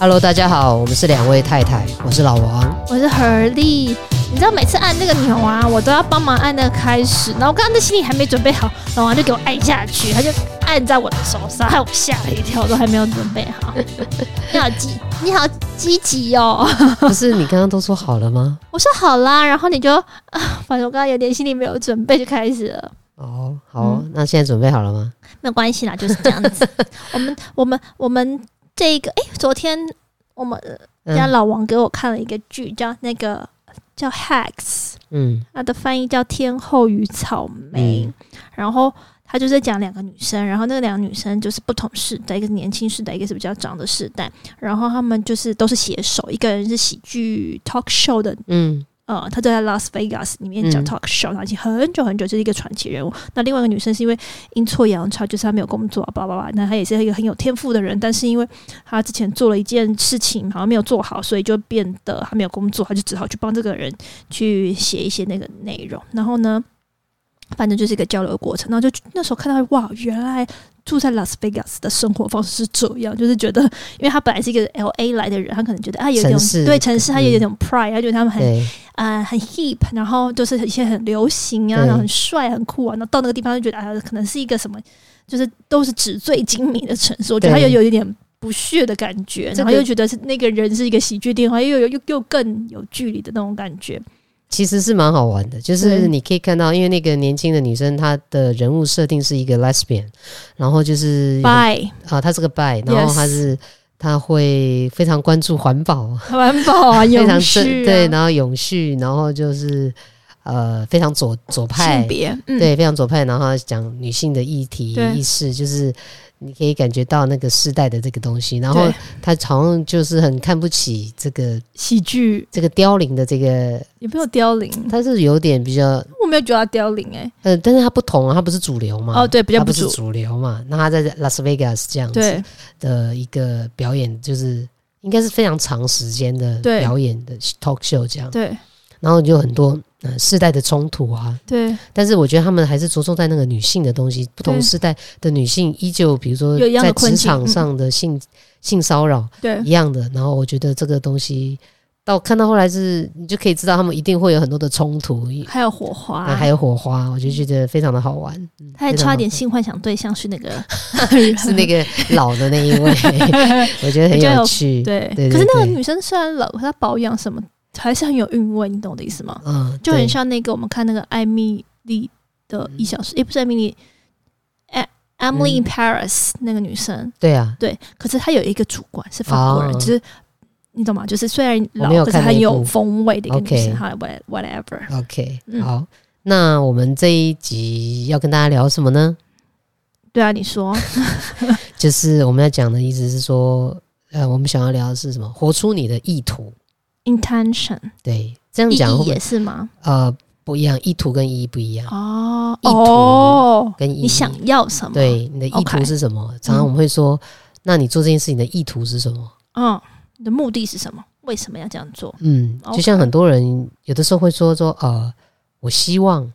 Hello，大家好，我們是兩位太太，我是老王，我是何麗。你知道每次按那個鈕啊，我都要幫忙按那個開始，然後我剛剛的心裡還沒準備好，老王就給我按下去，他就按在我的手上，害我嚇了一跳，都還沒有準備好。 你好積，你好積極哦。 不是你剛剛都說好了嗎？我說好啦，然後你就，啊、反正我剛剛有點心裡沒有準備，就開始了。哦，oh, 好，嗯、那現在準備好了嗎？沒有關係啦，就是這樣子。 我們，我們，我們。這個哎，昨天我們家老王給我看了一個劇，嗯、叫那個叫《Hacks》，嗯，它的翻譯叫《天后與草莓》嗯。然後他就在講兩個女生，然後那兩個女生就是不同世代，一個年輕世代，一個是比較長的世代。然後他們就是都是寫手，一個人是喜劇 talk show 的，嗯。呃，他就在拉斯維加斯裡面講 talk show，嗯，然後已經很久很久就是一個傳奇人物。那另外一個女生是因為陰錯陽差，就是她沒有工作啊，叭叭叭。那她也是一個很有天賦的人，但是因為她之前做了一件事情好像沒有做好，所以就變得她沒有工作，她就只好去幫這個人去寫一些那個內容。然後呢？反正就是一個交流的過程，然後就那時候看到哇，原來住在拉斯維加斯的生活方式是這樣，就是覺得，因為他本來是一個 L A 來的人，他可能覺得啊，有點對城市，城市他也有一點，點 pride，肯定他覺得他們很啊對、呃、很 hip，然後就是一些很流行啊，然後很帥很酷啊，然後到那個地方就覺得啊，可能是一個什麼，就是都是紙醉金迷的城市，我覺得他又有一點不屑的感覺，對然後又覺得是那個人是一個喜劇電話，又有又又更有距離的那種感覺。其實是蠻好玩的，就是你可以看到，嗯、因為那個年輕的女生，她的人物設定是一個 lesbian，然後就是，拜 Bye.、啊、她是個拜，然後她是 Yes. 她會非常關注環保，環保啊，非常正永續、啊、對，然後永續，然後就是呃，非常左左派，性別、嗯、對，非常左派，然後講女性的議題對意識，就是。你可以感覺到那個時代的這個東西，然後他常就是很看不起這個戲劇，這個凋零的這個有沒有凋零，他是有點比較，我沒有覺得他凋零哎、欸。呃、嗯，但是他不同啊，他不是主流嘛。哦，對，比較不主主流嘛。那他在拉斯維加斯這樣子對的一個表演，對就是應該是非常長時間的表演的 talk show 這樣對，然後就很多、嗯。呃、嗯，世代的衝突啊，對，但是我覺得他們還是着重在那個女性的東西，不同世代的女性依舊，比如說在職場上的性的、嗯、性騷擾，對一樣的。然後我覺得這個東西到看到後來是，你就可以知道他們一定會有很多的衝突，還有火花、嗯，還有火花，我就覺得非常的好玩。嗯、他還差點性幻想對象是那個， 是那個老的那一位， 我覺得很有趣。有對，對對對，可是那個女生雖然老，她保養什麼？還是很有韻味，你懂我的意思嗎？嗯，就很像那個我們看那個艾米麗的一小時，也不是艾米麗，哎，Emily in Paris 那個女生，對啊，對。可是她有一個主管是法國人，就是你懂嗎？就是雖然老，可是很有風味的一個女生。好了，whatever，OK，好，那我們這一集要跟大家聊什麼呢？對啊，你說，就是我們要講的意思是說，呃，我們想要聊的是什麼？活出你的意圖。Intention 對，這樣講也是嗎？呃，不一樣，意圖跟意義不一樣哦。意圖跟意義。你想要什麼？對，你的意圖是什麼？常常我們會說，那你做這件事情的意圖是什麼？哦，你的目的是什麼？為什麼要這樣做？嗯，就像很多人有的時候會說說，呃，我希望，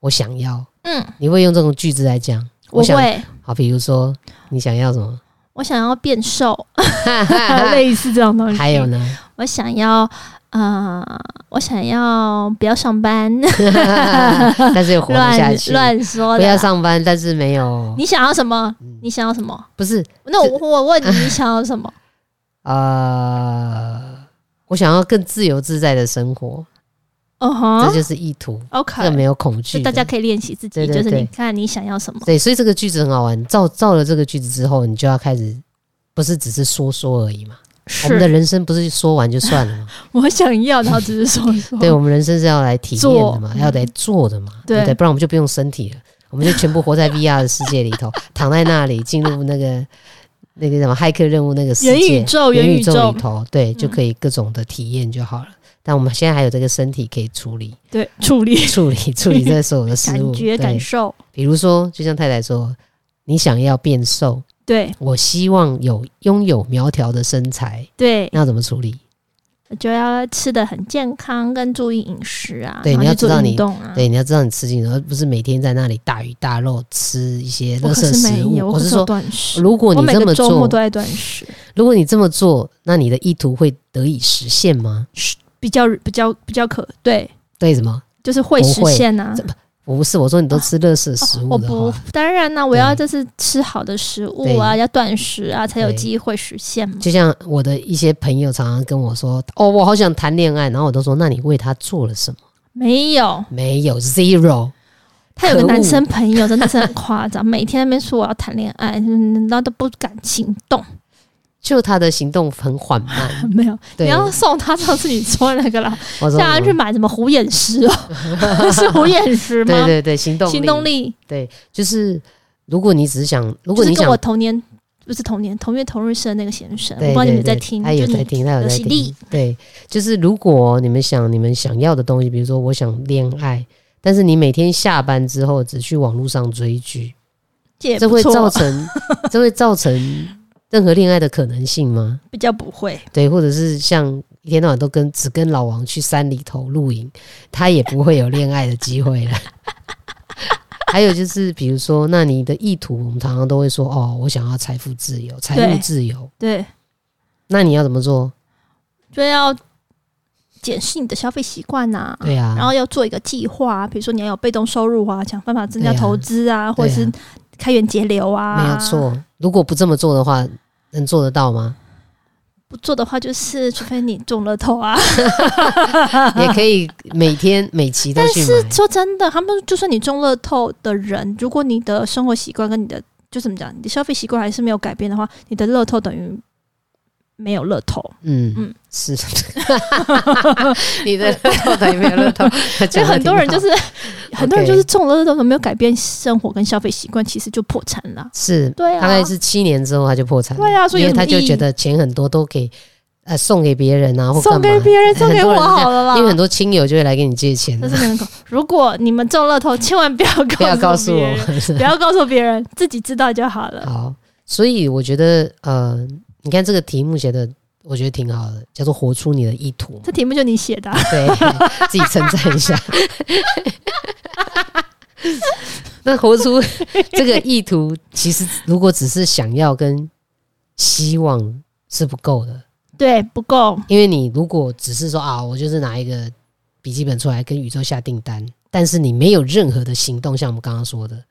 我想要，嗯，你會用這種句子來講？我想，我會好，比如說，你想要什麼？我想要變瘦，類似這種東西。還有呢？我想要，呃，我想要不要上班， 但是又活下去。亂說的，不要上班，但是沒有。你想要什麼？你想要什麼？嗯，不是，那我我問你，你想要什麼？呃，我想要更自由自在的生活。哦哈，這就是意圖。OK，更沒有恐懼，大家可以練習自己，就是你看你想要什麼。對，所以這個句子很好玩。造造了這個句子之後，你就要開始，不是只是說說而已嘛？我們的人生不是說完就算了嗎？我想要，他只是說說。對，我們人生是要來體驗的嘛？要來做的嘛？對不對？不然我們就不用身體了，我們就全部活在 VR 的世界裡頭，躺在那裡進入那個那個什麼駭客任務那個世界，元宇宙元宇宙裡頭，對，就可以各種的體驗就好了。那我們現在還有這個身體可以處理，對，處理處理處理這所有的事物，感覺感受。比如說，就像太太說，你想要變瘦，對，我希望有擁有苗條的身材，對，那怎麼處理？就要吃得很健康，跟注意飲食啊。對，你要知道你動啊，對，你要知道你吃進而不是每天在那裡大魚大肉吃一些熱食食物。我是說，斷食，如果你這麼做，如果你這麼做，那你的意圖會得以實現嗎？比較比較比較可對對什麼？就是會實現呢、啊？不我不是，我說你都吃的是食物，啊哦，我不當然呢、啊。我要就是吃好的食物啊，對要斷食啊，才有機會實現嘛。就像我的一些朋友常常跟我說：“哦，我好想談戀愛。”然後我都說：“那你為他做了什麼？沒有，沒有 zero。”他有個男生朋友，惡真的是很誇張， 每天沒說我要談戀愛，然後都不敢行動。就他的行動很緩慢，沒有。你要送他，上次你做那個啦，下班去買什麼虎眼石哦？是虎眼石嗎？對對對，行動行動力。對，就是如果你只想，如果你跟我同年不是同年同月同日生那個先生，我不知道你們在聽，他有在聽，他有在聽。對，就是如果你們想你們想要的東西，比如說我想戀愛，但是你每天下班之後只去網絡上追劇，這會造成，這會造成。任何戀愛的可能性嗎？比較不會，對，或者是像一天到晚都跟只跟老王去山裡頭露營，他也不會有戀愛的機會了。 還有就是，比如說，那你的意圖，我們常常都會說，哦，我想要財富自由，財務自由，對。對那你要怎麼做？就要檢視你的消費習慣吶。對啊，然後要做一個計劃，比如說你要有被動收入啊，想辦法增加投資啊，啊或者是。開源節流啊，沒有錯。如果不這麼做的話，能做得到嗎？不做的話，就是除非你中樂透啊， 也可以每天每期的。但是說真的，他們就算你中樂透的人，如果你的生活習慣跟你的就是怎麼講，你的消費習慣還是沒有改變的話，你的樂透等於。沒有樂透，嗯嗯，是，你的沒有樂透，所以很多人就是，很多人就是中了樂透，沒有改變生活跟消費習慣，其實就破產了。是，對，大概是七年之後他就破產了。對啊，所以他就覺得錢很多都給呃，送給別人啊，送給別人，送給我好了。因為很多親友就會來給你借錢。如果你們中樂透，千萬不要告訴別人，不要告訴別人，自己知道就好了。好，所以我覺得呃。你看這個題目寫的，我覺得挺好的，叫做“活出你的意圖”。這題目就你寫的啊。對，自己稱讚一下。 那活出這個意圖，其實如果只是想要跟希望是不夠的，對，不夠。因為你如果只是說啊，我就是拿一個筆記本出來跟宇宙下訂單，但是你沒有任何的行動，像我們剛剛說的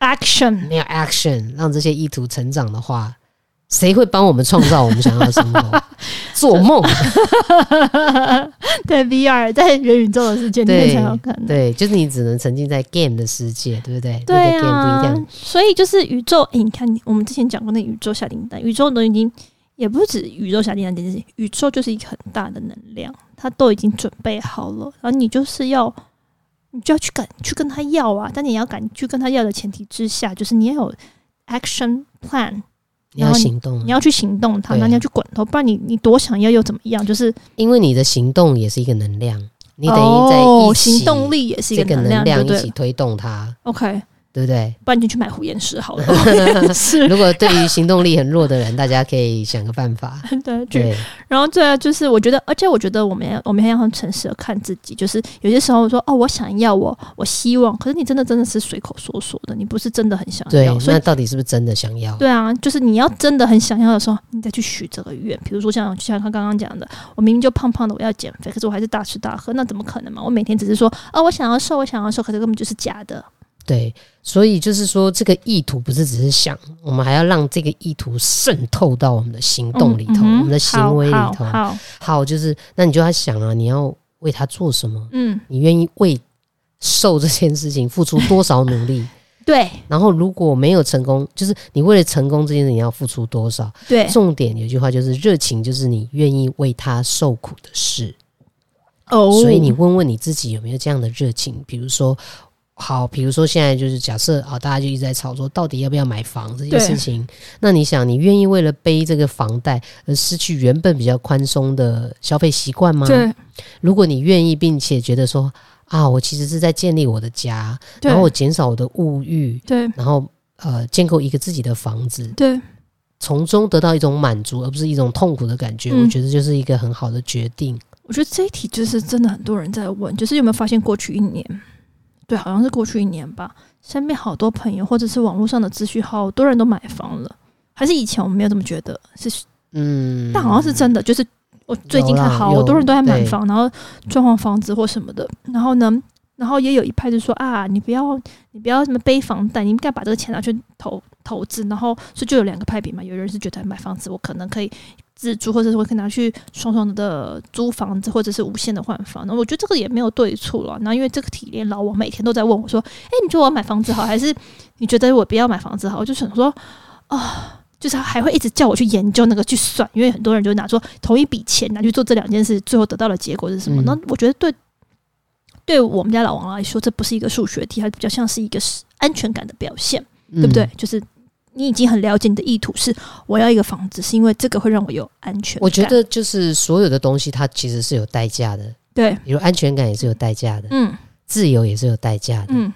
action，沒有 action 讓這些意圖成長的話。誰會幫我們創造我們想要的生活？做夢。對 VR，在元宇宙的世界裡面才好看的。對，就是你只能沉浸在 game 的世界，對不對？對啊。所以就是宇宙，誒、欸，你看我們之前講過那宇宙下訂單，宇宙都已經也不止宇宙下訂單這件事情，宇宙就是一個很大的能量，它都已經準備好了，然後你就是要你就要去敢去跟他要啊，但你要敢去跟他要的前提之下，就是你要有 action plan。你要行動、啊你，行動啊、你要去行動它，那對你要去管它，不然你你多想要又怎麼樣？就是因為你的行動也是一個能量，你等於在一起，哦、行動力也是一個能量，能量一起推動它。對對 OK。對不對？不然你就去買虎眼石好了。 如果對於行動力很弱的人， 大家可以想個辦法。對。對。然後對、啊，再就是，我覺得，而且我覺得，我們要，我們要很誠實的看自己。就是有些時候，我說，哦，我想要，我我希望，可是你真的真的是隨口說說的，你不是真的很想要。對。所以那到底是不是真的想要？對啊，就是你要真的很想要的時候，你再去許這個願。比如說像就像他剛剛講的，我明明就胖胖的，我要減肥，可是我還是大吃大喝，那怎麼可能嘛？我每天只是說，哦，我想要瘦，我想要瘦，可是根本就是假的。對，所以就是說，這個意圖不是只是想，我們還要讓這個意圖滲透到我們的行動裡頭，嗯嗯、我們的行為裡頭。好，好好好，就是那你就要想啊，你要為他做什麼？嗯，你願意為受這件事情付出多少努力？ 對。然後如果沒有成功，就是你為了成功這件事，你要付出多少？對。重點有句話，就是熱情，就是你願意為他受苦的事。哦。所以你問問你自己，有沒有這樣的熱情？比如說。好，比如說現在就是假設啊，大家就一直在吵說，到底要不要買房，這件事情？對那你想，你願意為了背這個房貸而失去原本比較寬鬆的消費習慣嗎？對。如果你願意，並且覺得說啊，我其實是在建立我的家，對然後我減少我的物欲，對，然後呃，建構一個自己的房子，對，從中得到一種滿足，而不是一種痛苦的感覺，嗯、我覺得就是一個很好的決定。我覺得這一題就是真的很多人在問，就是有沒有發現過去一年？對，好像是過去一年吧，身邊好多朋友，或者是網絡上的資訊，好多人都買房了。還是以前我沒有這麼覺得，是嗯，但好像是真的。就是我最近看好多人都在買房，對然後裝潢房子或什麼的。然後呢，然後也有一派就說啊，你不要，你不要什麼背房貸，你應該把這個錢拿去投投資。然後是就有兩個派別嘛，有人是覺得還買房子，我可能可以。自住，或者是我可以拿去雙雙的租房子，或者是無限的換房。那我覺得這個也沒有對錯了。那因為這個體驗，老王每天都在問我說：“哎、欸，你覺得我買房子好，還是你覺得我不要買房子好？”我就想說，啊、哦，就是還會一直叫我去研究那個去算，因為很多人就拿說，同一筆錢拿去做這兩件事，最後得到的結果是什麼？那、嗯、我覺得對，對我們家老王來說，這不是一個數學題，是比較像是一個安全感的表現，嗯、對不對？就是。你已經很了解你的意圖是，我要一個房子，是因為這個會讓我有安全感。我覺得就是所有的東西，它其實是有代價的，對，有安全感也是有代價的，嗯，自由也是有代價的，嗯，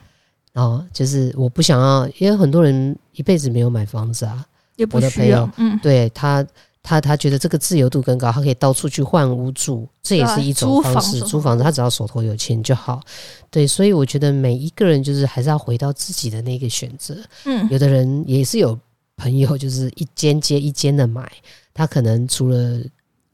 然後就是我不想要，因為很多人一輩子沒有買房子啊，也不需要，我的朋友，嗯，對他。他他覺得這個自由度更高，他可以到處去換屋住，這也是一種方式，租房子，房子他只要手頭有錢就好。對，所以我覺得每一個人就是還是要回到自己的那個選擇。嗯，有的人也是有朋友，就是一間接一間的買，他可能除了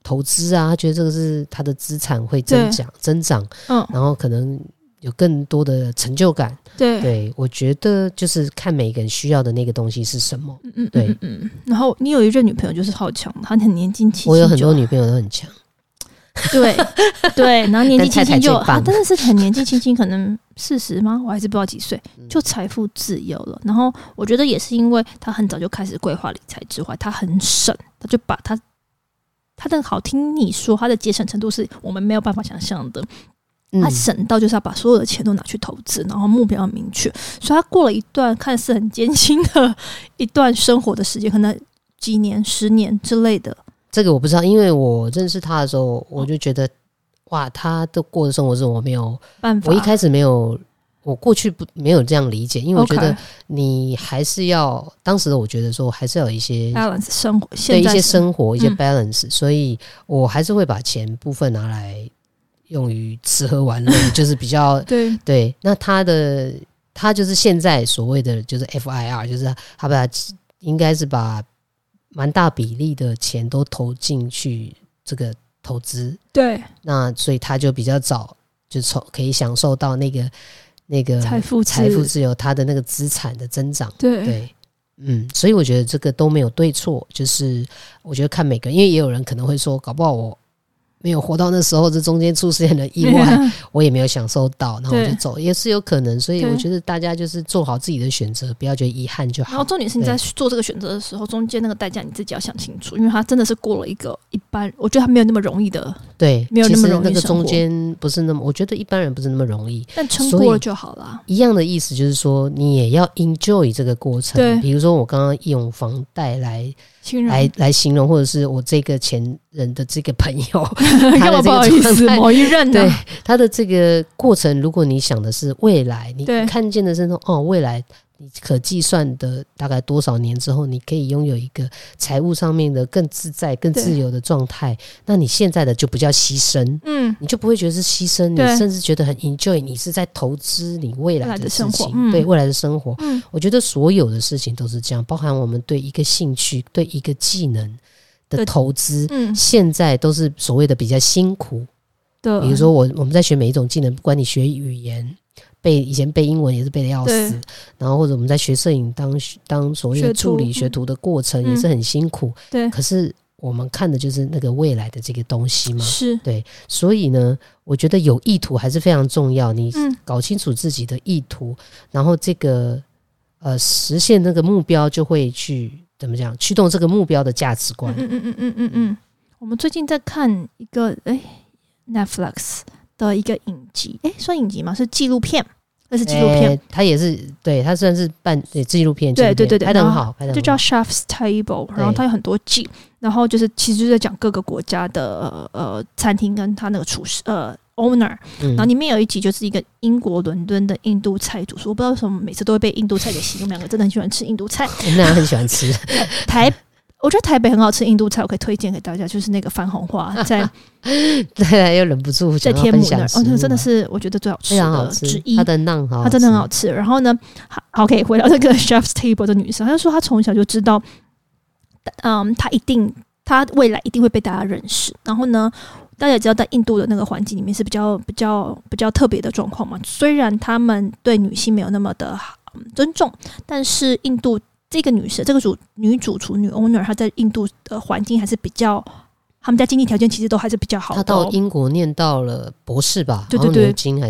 投資啊，他覺得這個是他的資產會增長增長，嗯，哦、然後可能。有更多的成就感，對，對，我覺得就是看每個人需要的那個東西是什麼，嗯嗯，嗯嗯，對嗯。然後你有一任女朋友就是好強，嗯嗯她很年輕輕、啊，我有很多女朋友都很強，對 對，然後年紀輕輕就她真的是很年紀輕輕，可能四十嗎？我還是不知道幾歲，就財富自由了。嗯、然後我覺得也是因為她很早就開始規劃理財之外，她很省，她就把她，她的好聽你說她的節省程度是我們沒有辦法想象的。他省到就是要把所有的錢都拿去投資，然後目標明確，所以他過了一段看似很艱辛的一段生活的時間，可能幾年、十年之類的。這個我不知道，因為我認識他的時候，我就覺得、嗯、哇，他都過的生活是我沒有辦法。我一開始沒有，我過去不沒有這樣理解，因為我覺得你還是要，Okay 當時我覺得說，還是要有一些，balance 生活，現在是，一些生活，對一些生活一些 balance、嗯、所以我還是會把錢部分拿來。用於吃喝玩樂，就是比較 對對。那他的他就是現在所謂的就是 FIR，就是他把應該是把蠻大比例的錢都投進去這個投資。對。那所以他就比較早就從可以享受到那個那個財富財富自由，他的那個資產的增長。對對，嗯，所以我覺得這個都沒有對錯，就是我覺得看每個，因為也有人可能會說，搞不好我。沒有活到那時候，這中間出現了意外，我也沒有享受到，然後我就走，也是有可能。所以我覺得大家就是做好自己的選擇，不要覺得遺憾就好。然後重點是你在做這個選擇的時候，中間那個代價你自己要想清楚，因為它真的是過了一個一般，我覺得它沒有那麼容易的。對，沒有那麼容易。那個中間不是那麼，我覺得一般人不是那麼容易。但撐過了就好了。一樣的意思就是說，你也要 enjoy 這個過程。對，比如說我剛剛用房貸來。來來形容，或者是我這個前人的這個朋友， 他的這個某一任，對他的這個過程。如果你想的是未來，你看見的是說，對哦，未來。你可計算的大概多少年之後，你可以擁有一個財務上面的更自在、更自由的狀態？對那你現在的就不叫犧牲，嗯，你就不會覺得是犧牲，對你甚至覺得很 enjoy，你是在投資你未來的事情，對未來的生活。嗯，嗯，我覺得所有的事情都是這樣，嗯、包含我們對一個興趣、對一個技能的投資。嗯、現在都是所謂的比較辛苦。對，比如說我我們在學每一種技能，不管你學語言。背以前背英文也是背的要死，對然後或者我們在學攝影，當當所謂的助理學徒的過程也是很辛苦，嗯嗯、對。可是我們看的就是那個未來的這個東西嘛，是。對，所以呢，我覺得有意圖還是非常重要。你搞清楚自己的意圖，嗯、然後這個呃實現那個目標就會去怎麼講驅動這個目標的價值觀。嗯嗯嗯嗯嗯，嗯我們最近在看一個誒 Netflix 的一個影集，哎算影集嗎？是紀錄片。那是紀錄片、欸，他也是，對他算是辦對紀錄片，片對對對對，拍得很好，就叫 Chef's Table，然後它有很多集，對 然後就是其實就是在講各個國家的呃餐廳跟他那個廚師呃 owner，、嗯、然後裡面有一集就是一個英國倫敦的印度菜主廚，我不知道為什麼每次都會被印度菜給吸引， 我們兩個真的很喜歡吃印度菜，我們倆很喜歡吃 我覺得台北很好吃印度菜，我可以推薦給大家，就是那個番紅花在 又忍不住在天母那兒，哦，那真的是我覺得最好吃的非常好吃之一，它的饢，它真的很好吃。嗯、然後呢，好，OK，回到這個 Chef's Table 的女生，她就說她從小就知道，嗯，她一定，她未來一定會被大家認識。然後呢，大家也知道在印度的那個環境裡面是比較、比較、比較特別的狀況嘛，雖然他們對女性沒有那麼的尊重，但是印度。這個女士，這個主女主廚女 owner，她在印度的環境還是比較，他們家經濟條件其實都還是比較好的。她到英國念到了博士吧？對對對，對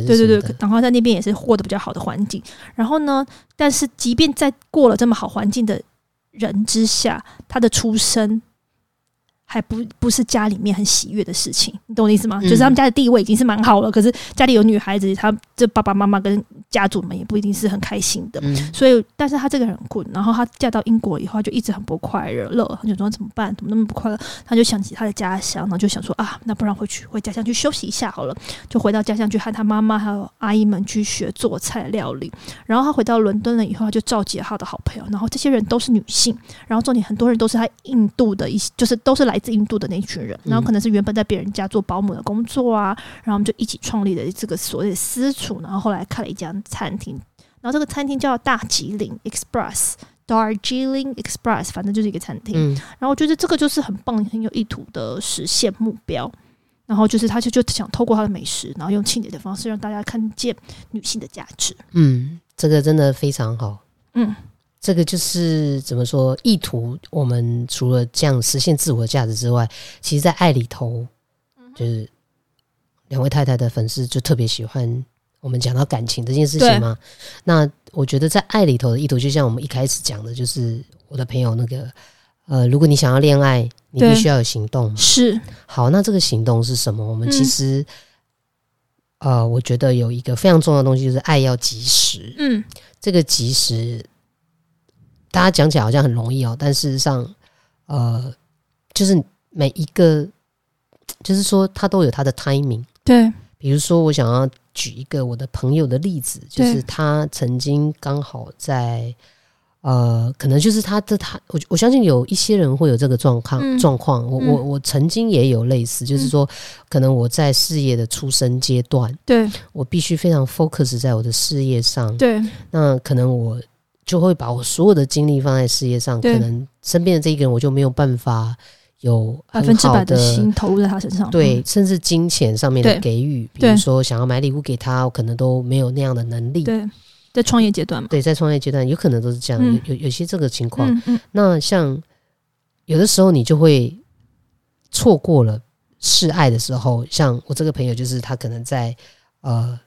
對對，然後在那邊也是獲得比較好的環境。然後呢，但是即便在過了這麼好環境的人之下，她的出生還不不是家裡面很喜悅的事情。你懂我的意思嗎？嗯、就是他們家的地位已經是蠻好了，可是家裡有女孩子，她這爸爸媽媽跟。家族們也不一定是很開心的，嗯、所以，但是他這個人很困，然後他嫁到英國以後他就一直很不快樂，樂很久，說怎麼辦？怎麼那麼不快樂？他就想起他的家鄉，然後就想說啊，那不然回去回家鄉去休息一下好了。就回到家鄉去和他媽媽還有阿姨們去學做菜料理。然後他回到倫敦了以後，他就召集了他的好朋友，然後這些人都是女性，然後重點很多人都是他印度的一些，就是都是來自印度的那一群人，然後可能是原本在別人家做保姆的工作啊，然後我們就一起創立了這個所謂的私廚，然後後來開了一家餐廳，然後這個餐廳叫大吉嶺 Express，Darjeeling Express，反正就是一個餐廳。嗯、然後我覺得這個就是很棒，很有意圖的實現目標。然後就是他就就想透過他的美食，然後用慶典的方式讓大家看見女性的價值。嗯，這個真的非常好。嗯，這個就是怎麼說？意圖我們除了這樣實現自我價值之外，其實在愛裡頭，嗯、哼就是兩位太太的粉絲就特別喜歡。我們講到感情這件事情嘛，對那我覺得在愛裡頭的意圖，就像我們一開始講的，就是我的朋友那個，呃，如果你想要戀愛，你必須要有行動。是，好，那這個行動是什麼？我們其實，嗯、呃，我覺得有一個非常重要的東西，就是愛要及時。嗯，這個及時，大家講起來好像很容易哦，但事實上，呃，就是每一個，就是說，它都有它的 timing。對，比如說我想要。舉一個我的朋友的例子，就是他曾經剛好在對呃，可能就是他的他，我我相信有一些人會有這個狀況狀況。我、嗯、我我曾經也有類似，就是說，嗯、可能我在事業的出生階段，對，我必須非常 focus 在我的事業上。對，那可能我就會把我所有的精力放在事業上，對可能身邊的這一個人我就沒有辦法。有百分之百的心投入在他身上，對，嗯、甚至金錢上面的給予，對比如說想要買禮物給他，我可能都沒有那樣的能力。對，在創業階段嘛，對，在創業階段有可能都是這樣，嗯、有有些這個情況。嗯嗯、那像有的時候你就會錯過了示愛的時候，像我這個朋友就是他可能在呃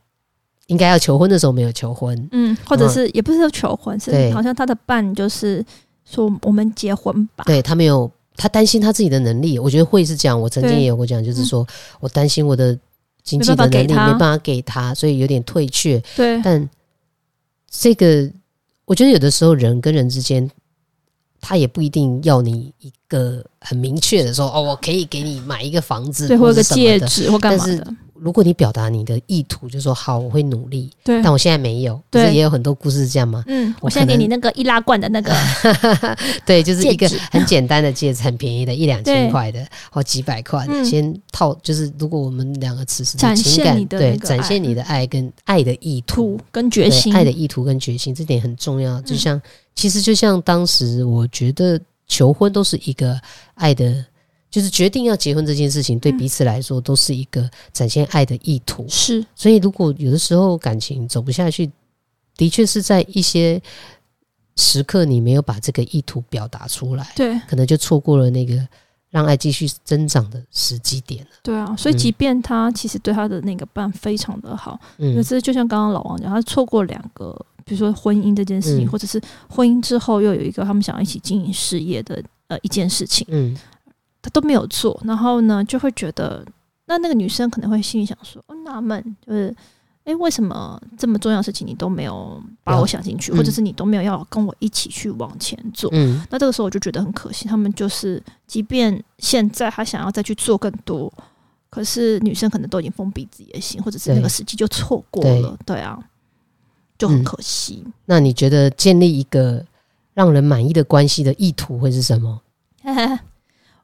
應該要求婚的時候沒有求婚，嗯，或者是嗎也不是要求婚，是好像他的伴就是說我們結婚吧，對他沒有。他擔心他自己的能力，我覺得會是這樣。我曾經也有過講，對就是說、嗯、我擔心我的經濟的能力沒辦，沒辦法給他，所以有點退卻。對，但這個我覺得有的時候人跟人之間，他也不一定要你一個很明確的說哦，我可以給你買一個房子或者戒指或幹嘛的。如果你表達你的意圖，就說好，我會努力。對，但我現在沒有。對，也有很多故事是這樣嗎？嗯，我現在給你那個易拉罐的那個，對，就是一個很簡單的戒指，很便宜的，一兩千塊的，好幾百塊的，先套。就是如果我們兩個此時的情感，對，展現你的愛跟愛的意圖跟決心，愛的意圖跟決心這點很重要。就像，其實就像當時，我覺得求婚都是一個愛的。就是決定要結婚這件事情，對彼此來說都是一個展現愛的意圖。嗯、是，所以如果有的時候感情走不下去，的確是在一些時刻你沒有把這個意圖表達出來，對，可能就錯過了那個讓愛繼續增長的時機點了。對啊，所以即便他其實對他的那個伴非常的好，可、嗯、是就像剛剛老王講，他錯過兩個，比如說婚姻這件事情，嗯、或者是婚姻之後又有一個他們想要一起經營事業的呃一件事情，嗯。他都沒有做，然後呢，就會覺得那那個女生可能會心裡想說，我納悶，就是誒、欸，為什麼這麼重要的事情你都沒有把我想進去？嗯、或者是你都沒有要跟我一起去往前做？嗯、那這個時候我就覺得很可惜。他們就是，即便現在還想要再去做更多，可是女生可能都已經封閉自己的心，或者是那個時機就錯過了。對，對啊，就很可惜、嗯。那你覺得建立一個讓人滿意的關係的意圖會是什麼？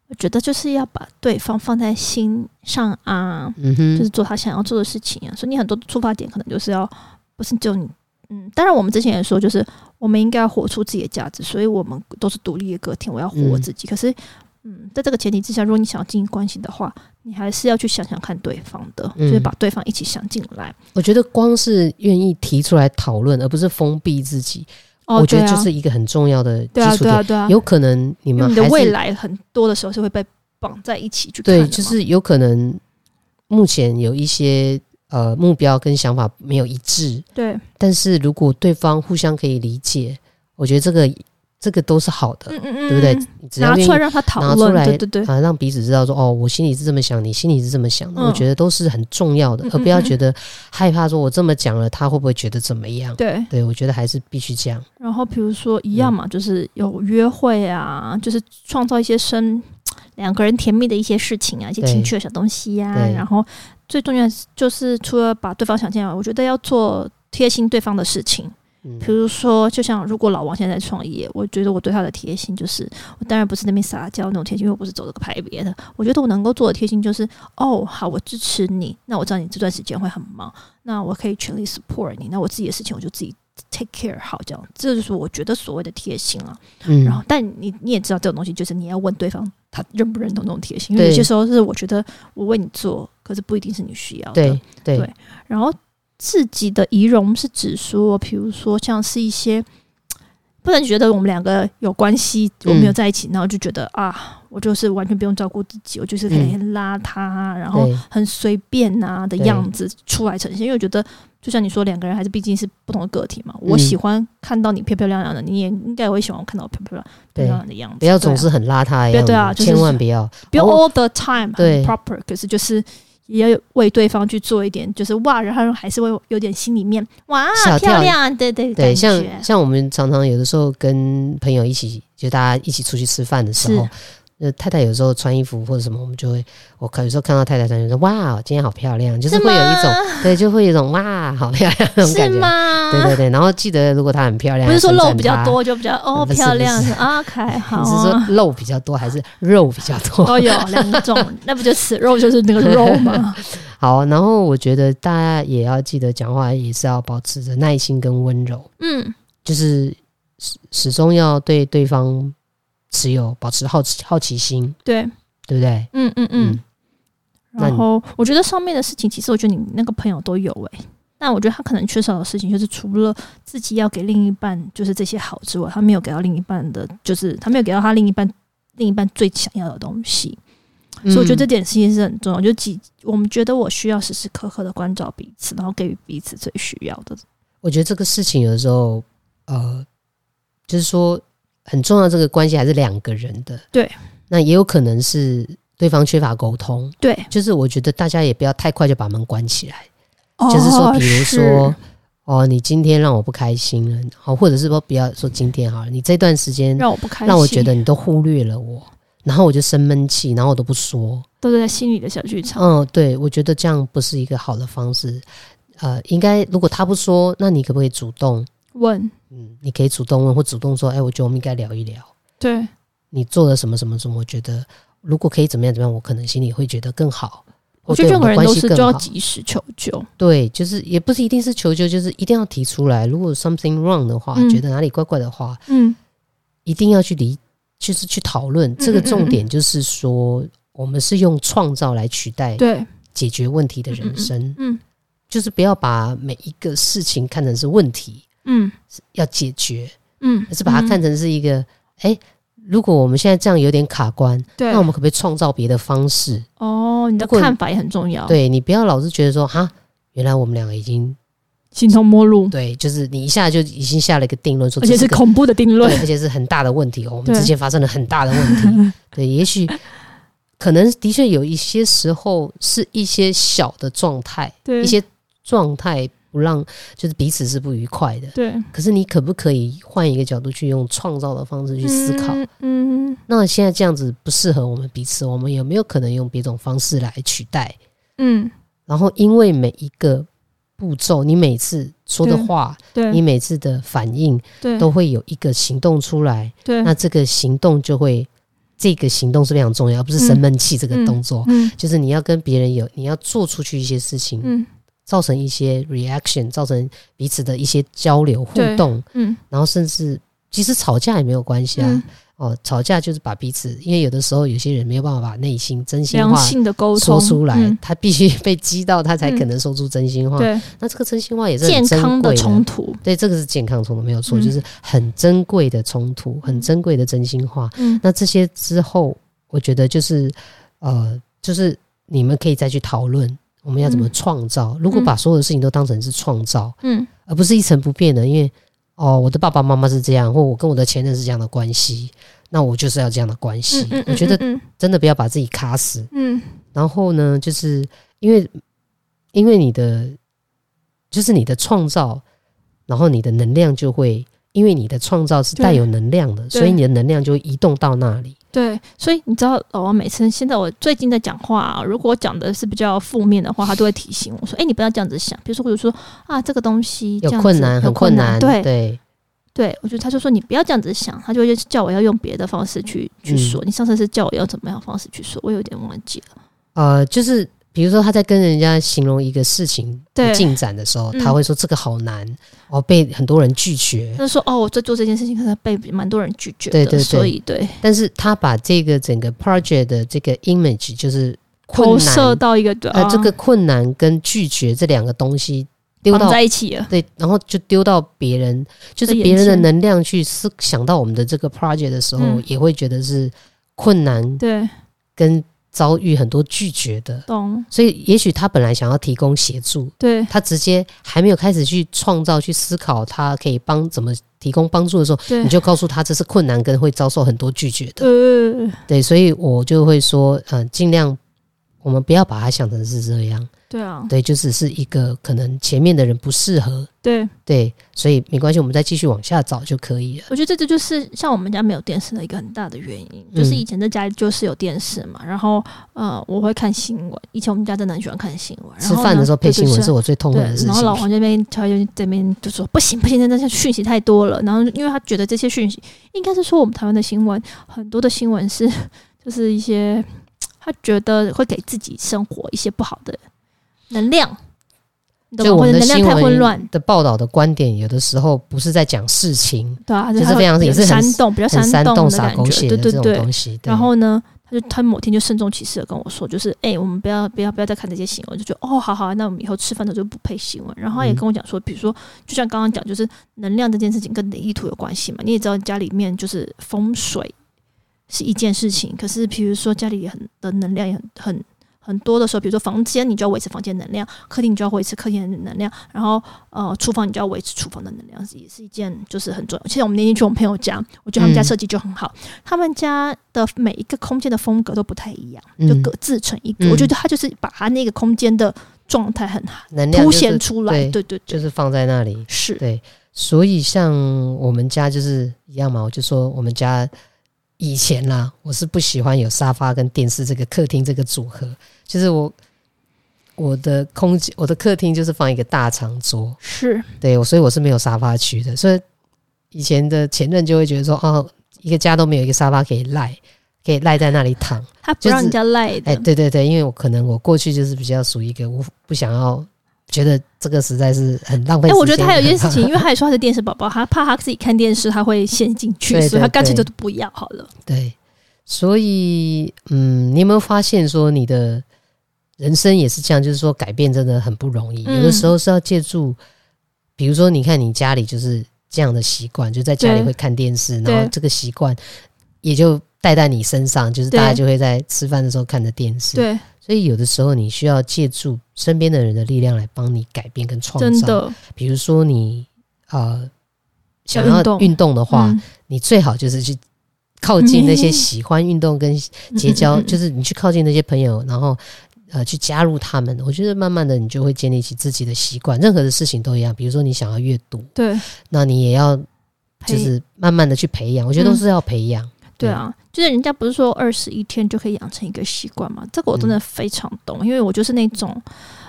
我覺得就是要把對方放在心上啊，嗯哼，就是做他想要做的事情啊。所以你很多的出發點可能就是要不是就你，嗯，當然我們之前也說，就是我們應該要活出自己的價值，所以我們都是獨立的個體，我要活我自己。嗯、可是，嗯，在這個前提之下，如果你想要經營關係的話，你還是要去想想看對方的，就是把對方一起想進來、嗯。我覺得光是願意提出來討論，而不是封閉自己。Oh, 我覺得這是一個很重要的基礎點。對啊，對啊，有可能你們你的未來很多的時候是會被綁在一起去看。對，就是有可能目前有一些呃目標跟想法沒有一致，對。但是如果對方互相可以理解，我覺得這個。這個都是好的，對不對？拿出來讓他討論，對對對，讓彼此知道說，哦，我心裡是這麼想，你心裡是這麼想，我覺得都是很重要的，而不要覺得害怕，說我這麼講了，他會不會覺得怎麼樣？對，對，我覺得還是必須這樣。然後比如說一樣嘛，就是有約會啊，就是創造一些生兩個人甜蜜的一些事情啊，一些情趣的小東西呀。然後最重要就是除了把對方想見啊，我覺得要做貼心對方的事情。比如說，就像如果老王現在創業，我覺得我對他的貼心就是，我當然不是那邊撒嬌那種貼心，因為我不是走這個派別的。我覺得我能夠做的貼心就是，哦，好，我支持你。那我知道你這段時間會很忙，那我可以全力 support 你。那我自己的事情，我就自己 take care 好這樣。這就是我覺得所謂的貼心了啊。嗯。然後，但你你也知道這種東西，就是你要問對方他認不認同那種貼心，因為有些時候是我覺得我為你做，可是不一定是你需要的。對對，對。然後。自己的儀容是指說，比如說像是一些，不能覺得我們兩個有關係，我們沒有在一起，然後就覺得啊，我就是完全不用照顧自己，我就是很邋遢，然後很隨便吶的樣子出來呈現。因為我覺得，就像你說，兩個人還是畢竟是不同的個體嘛。我喜歡看到你漂漂亮亮的，你也應該會喜歡看到我漂漂亮漂亮的樣子。不要總是很邋遢，對對啊，千萬不要，不要 all the time proper，可是就是。也要為對方去做一點，就是哇，然後還是會有點心裡面哇，漂亮，漂亮，對對對，對感覺。像像我們常常有的時候跟朋友一起，就大家一起出去吃飯的時候。呃，太太有時候穿衣服或者什麼，我們就會我有時候看到太太穿，就說哇，今天好漂亮，就是會有一種嗎對，就會有一種哇，好漂亮那種感覺。嗎對對對。然後記得，如果她很漂亮，不是說，是說肉比較多就比較哦漂亮啊，還好。你是說肉比較多還是肉比較多？都有兩種， 那不就是肉就是那個肉嗎？ 好，然後我覺得大家也要記得講話也是要保持着耐心跟溫柔，嗯，就是始始終要對對方。持有保持好奇好奇心，對對不對？嗯嗯嗯。嗯嗯然後你我覺得上面的事情，其實我覺得你那個朋友都有誒、欸。那我覺得他可能缺少的事情，就是除了自己要給另一半就是這些好之外，他沒有給到另一半的，就是他沒有給到他另一半另一半最想要的東西。所以我覺得這點事情是很重要。就幾我們覺得我需要時時刻刻的關照彼此，然後給予彼此最需要的。我覺得這個事情有的時候，呃，就是說。很重要，這個關係還是兩個人的。對，那也有可能是對方缺乏溝通。對，就是我覺得大家也不要太快就把門關起來。哦，就是說，比如說，是哦，你今天讓我不開心了，好，或者是說，不要說今天好了，你這段時間讓我不開心，讓我覺得你都忽略了我，然後我就生悶氣，然後我都不說，都是在心裡的小劇場。嗯、哦，對，我覺得這樣不是一個好的方式。呃，應該如果他不說，那你可不可以主動問？嗯，你可以主動問或主動說，哎、欸，我覺得我們應該聊一聊。對，你做了什麼什麼什麼？我覺得如果可以怎麼樣怎麼樣，我可能心裡會覺得更好。或對我們的關係更好。我覺得任何人都是就要及時求救。對，就是也不是一定是求救，就是一定要提出來。如果 something wrong 的話，嗯、覺得哪裡怪怪的話，嗯，一定要去理，就是去討論。這個重點就是說，嗯嗯嗯，我們是用創造來取代解決問題的人生。嗯，嗯，嗯，就是不要把每一個事情看成是問題。嗯，要解決，嗯，還是把它看成是一個，哎，如果我們現在這樣有點卡關，對，那我們可不可以創造別的方式？哦，你的看法也很重要。對，你不要老是覺得說，哈，原來我們兩個已經形同陌路。對，就是你一下就已經下了一個定論，而且是恐怖的定論，而且是很大的問題哦。我們之前發生了很大的問題，對，也許可能的確有一些時候是一些小的狀態，一些狀態。不讓就是彼此是不愉快的，對。可是你可不可以換一個角度去用創造的方式去思考？嗯。嗯嗯那現在這樣子不適合我們彼此，我們有沒有可能用別種方式來取代？嗯。然後，因為每一個步驟，你每次說的話，對,對你每次的反應，對都會有一個行動出來。對。那這個行動就會，這個行動是非常重要，而不是生悶氣這個動作。嗯。嗯嗯就是你要跟別人有，你要做出去一些事情。嗯。造成一些 reaction，造成彼此的一些交流互動，嗯，然後甚至其實吵架也沒有關係啊，嗯、哦，吵架就是把彼此，因為有的時候有些人沒有辦法把內心真心話說出來，良性的溝通，說出來，嗯、他必須被激到，他才可能說出真心話。嗯、對，那這個真心話也是很健康的衝突，對，這個是健康衝突沒有錯，嗯、就是很珍貴的衝突，很珍貴的真心話。嗯，那這些之後，我覺得就是呃，就是你們可以再去討論。我們要怎麼創造？嗯、如果把所有的事情都當成是創造，嗯，而不是一成不變的，因為哦，我的爸爸媽媽是這樣，或我跟我的前任是這樣的關係，那我就是要這樣的關係。嗯嗯嗯、我覺得真的不要把自己卡死。嗯，然後呢，就是因為因為你的就是你的創造，然後你的能量就會，因為你的創造是帶有能量的，嗯、所以你的能量就會移動到那裡。對，所以你知道，老、哦、王每次現在我最近在講話，啊，如果我講的是比較負面的話，他都會提醒我說：“哎、欸，你不要這樣子想。”比如說，或者說：“啊，這個東西這樣子有困難，有困難很困難。對。”對對對，我覺得他就說：“你不要這樣子想。”他就會叫我要用別的方式去去說。嗯、你上次是叫我要怎麼樣方式去說？我有點忘記了。呃，就是。比如說他在跟人家形容一個事情的進展的時候，嗯、他會說這個好難哦，被很多人拒絕。他說哦，我在做這件事情，可能被蠻多人拒絕。對對對，所以對。但是他把這個整個 project 的這個 image 就是困難投射到一個呃，這個困難跟拒絕這兩個東西丟在一起了。對，然後就丟到別人，就是別人的能量去思想到我們的這個 project 的時候，嗯、也會覺得是困難對跟。遭遇很多拒絕的，懂，所以也許他本來想要提供協助，對，他直接還沒有開始去創造、去思考，他可以幫怎麼提供幫助的時候，對你就告訴他這是困難，跟會遭受很多拒絕的，嗯、對，所以，我就會說，嗯、呃，盡量我們不要把他想成是這樣。對啊，對，就是、只是一個可能前面的人不適合，對對，所以沒關係，我們再繼續往下找就可以了。我覺得這這就，就是像我們家沒有電視的一個很大的原因，嗯、就是以前在家就是有電視嘛，然後呃，我會看新聞，以前我們家真的很喜歡看新聞，然後吃飯的時候配新聞是我最痛苦的事情。然後老黃這邊他就這邊就說不行不行，現在訊息太多了，然後因為他覺得這些訊息應該是說我們台灣的新聞很多的新聞是就是一些他覺得會給自己生活一些不好的能量，就我們的新聞的報道的觀點，有的時候不是在講事情，對啊，就是，就是非常有煽動、比較煽動的感覺，感覺對對對。對然後呢，他就他某天就慎重其事的跟我說，就是誒、欸，我們不要不要不要再看這些新聞，就覺得哦，好好、啊，那我們以後吃飯的時候就不配新聞。然後他也跟我講說，比如說，就像剛剛講，就是能量這件事情跟你的意圖有關係嘛。你也知道，家裡面就是風水是一件事情，可是比如說家裡也很的能量也很很。很多的時候，比如說房間，你就要維持房間能量；客廳你就要維持客廳的能量。然後，呃，廚房你就要維持廚房的能量，也是一件就是很重要。其實我們那天去我們朋友家，我覺得他們家設計就很好，嗯、他們家的每一個空間的風格都不太一樣，就各自成一格。嗯嗯、我覺得他就是把他那個空間的狀態很好，凸顯出來。就是、對，對，對對，就是放在那裡。是。對，所以像我們家就是一樣嘛，我就說我們家。以前呢、啊，我是不喜歡有沙發跟電視這個客廳這個組合。就是我我的空間，我的客廳就是放一個大長桌，是對，我所以我是沒有沙發區的。所以以前的前任就會覺得說，哦，一個家都沒有一個沙發可以賴，可以賴在那裡躺。他不讓人家賴的、就是、哎，對對對，因為我可能我過去就是比較屬於一個我不想要。覺得這個實在是很浪費時間、欸。我覺得他有一件事情， 因為他也說他是電視寶寶，他怕他自己看電視他會陷進去，對對對，所以他乾脆就不要好了。對，所以嗯，你有沒有發現說你的人生也是這樣？就是說改變真的很不容易，嗯、有的時候是要借助，比如說你看你家裡就是這樣的習慣，就在家裡會看電視，對然後這個習慣也就帶在你身上，就是大家就會在吃飯的時候看着電視。對。對所以，有的時候你需要借助身邊的人的力量來幫你改變跟創造。真的，比如說你呃想要運動的話，嗯、你最好就是去靠近那些喜歡運動跟結交，嗯、就是你去靠近那些朋友，然後呃去加入他們。我覺得慢慢的，你就會建立起自己的習慣。任何的事情都一樣，比如說你想要閱讀，對，那你也要就是慢慢的去培養。我覺得都是要培養。嗯對啊，就是人家不是說二十一天就可以養成一個習慣嗎？這個我真的非常懂，因為我就是那種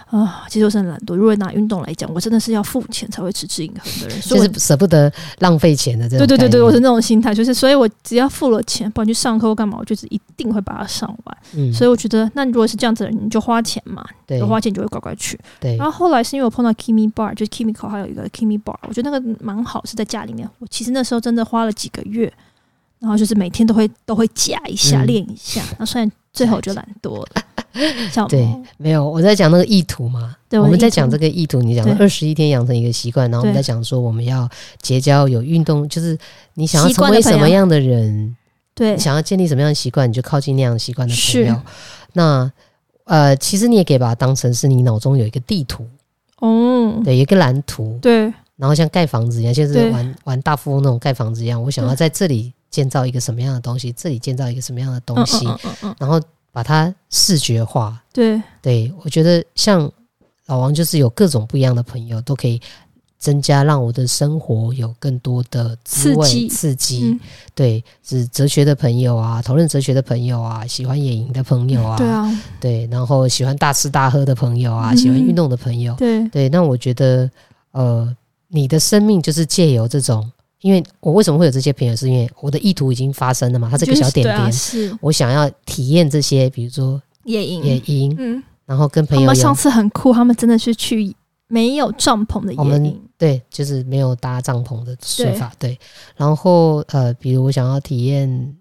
啊、呃，其實我是很懶惰。如果拿運動來講，我真的是要付錢才會持之以恆的人，所以我就是捨不得浪費錢的這種概念。對對對對，我是那種心態，就是所以我只要付了錢，不管去上課幹嘛，我就是一,一定會把它上完。嗯、所以我覺得，那如果是這樣子的人，你就花錢嘛，對，就花錢就會乖乖去。對然後後來是因為我碰到 Kimi Bar，就是 Kimiko 還有一個 Kimi Bar，我覺得那個蠻好，是在家裡面。我其實那時候真的花了幾個月。然後就是每天都會都會夾一下練一下，那雖然最後就懶惰了，笑。對，沒有，我在講那個意圖嘛，對，我們在講這個意圖。你講的二十一天養成一個習慣，然後我們在講說我們要結交有運動，就是你想要成為什麼樣的人，對，想要建立什麼樣的習慣，你就靠近那樣的習慣的朋友。那呃，其實你也可以把它當成是你腦中有一個地圖。嗯，對，有一個藍圖，對。然後像蓋房子一樣，就是玩玩大富翁那種蓋房子一樣。我想要在這裡。建造一個什麼樣的東西？這裡建造一個什麼樣的東西？嗯嗯嗯嗯、然後把它視覺化。對，對我覺得像老王，就是有各種不一樣的朋友，都可以增加讓我的生活有更多的滋味刺激，刺激嗯、對，是哲學的朋友啊，討論哲學的朋友啊，喜歡野營的朋友啊，對，啊對，然後喜歡大吃大喝的朋友啊，嗯、喜歡運動的朋友，對，對，那我覺得，呃，你的生命就是借由這種。因為我為什麼會有這些朋友？是因為我的意圖已經發生了嘛？它這個小點點，啊、是我想要體驗這些，比如說野營、野營，嗯、然後跟朋友。他們上次很酷，他們真的是去沒有帳篷的野營，對，就是沒有搭帳篷的睡法，對，對。然後呃，比如我想要體驗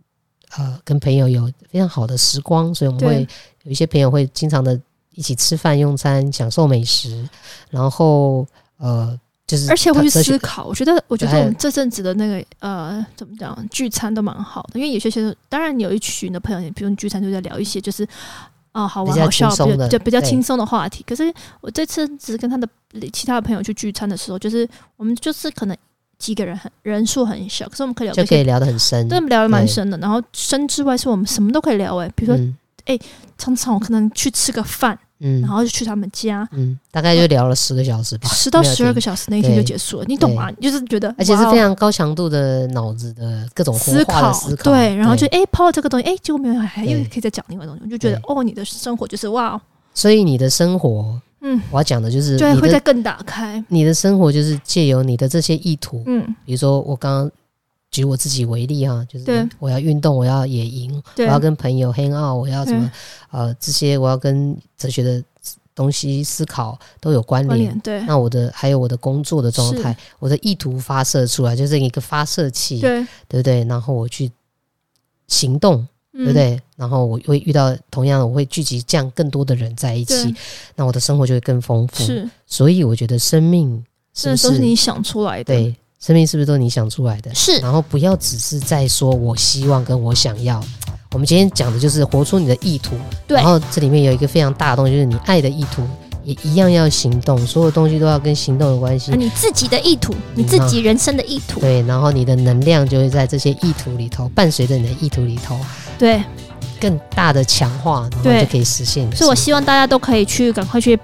呃，跟朋友有非常好的時光，所以我們會對有一些朋友會經常的一起吃飯、用餐、享受美食，然後呃。是而且會去思考，我覺得，我覺得我們這陣子的那個、啊、呃，怎麼講，聚餐都蠻好的，因為有些時候，當然你有一群的朋友，你比如聚餐就在聊一些，就是啊、呃、好玩的好笑，比較比較輕鬆的話題。對可是我這次只是跟他的其他的朋友去聚餐的時候，就是我們就是可能幾個人很人數很小，可是我們可以聊，就可以聊得很深，對，聊得蠻深的。對然後深之外，是我們什麼都可以聊誒、欸，比如說哎，常常、嗯欸、我可能去吃個飯。嗯，然後就去他們家，嗯，大概就聊了十個小時吧，十到十二個小時，那一天就結束了。你懂嗎？就是覺得，而且是非常高強度的腦子的各種思考，對，然後就哎拋了這個東西，哎，結果沒有，還又可以再講另外東西，就覺得哦，你的生活就是哇，所以你的生活，嗯，我要講的就是，對，會再更打開你的生活，就是借由你的這些意圖，嗯，比如說我剛剛。舉我自己為例哈，就是我要運動，我要野營，對我要跟朋友 hang out，我要什麼、嗯、呃這些，我要跟哲學的東西思考都有關聯。對，那我的還有我的工作的狀態，是我的意圖發射出來，就是一個發射器，對，對不對？然後我去行動，嗯、對不對？然後我會遇到同樣的，我會聚集這樣更多的人在一起，對那我的生活就會更豐富。是，所以我覺得生命是不是，這都是你想出來的。對。生命是不是都你想出來的？是。然後不要只是在說我希望跟我想要。我們今天講的就是活出你的意圖。對。然後這裡面有一個非常大的東西，就是你愛的意圖也一樣要行動，所有東西都要跟行動有關係。啊、你自己的意圖，你自己人生的意圖。對。然後你的能量就會在這些意圖裡頭，伴隨着你的意圖裡頭，對，更大的強化，然後你就可以實現。所以我希望大家都可以去趕快去。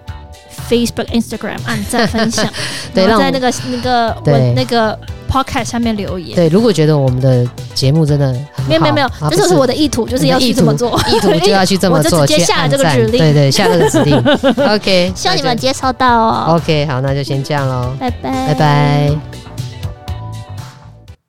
Facebook、Instagram 按讚分享，然後在那個、那個、我那個 Podcast 下面留言。對，如果覺得我們的節目真的沒有、沒有、沒有，這就是我的意圖，就是要去這麼做，意圖就要去這麼做。我就直接下這個指令，對對，下這個指令。OK，希望你們接收到哦。OK，好，那就先這樣嘍。拜拜，拜拜。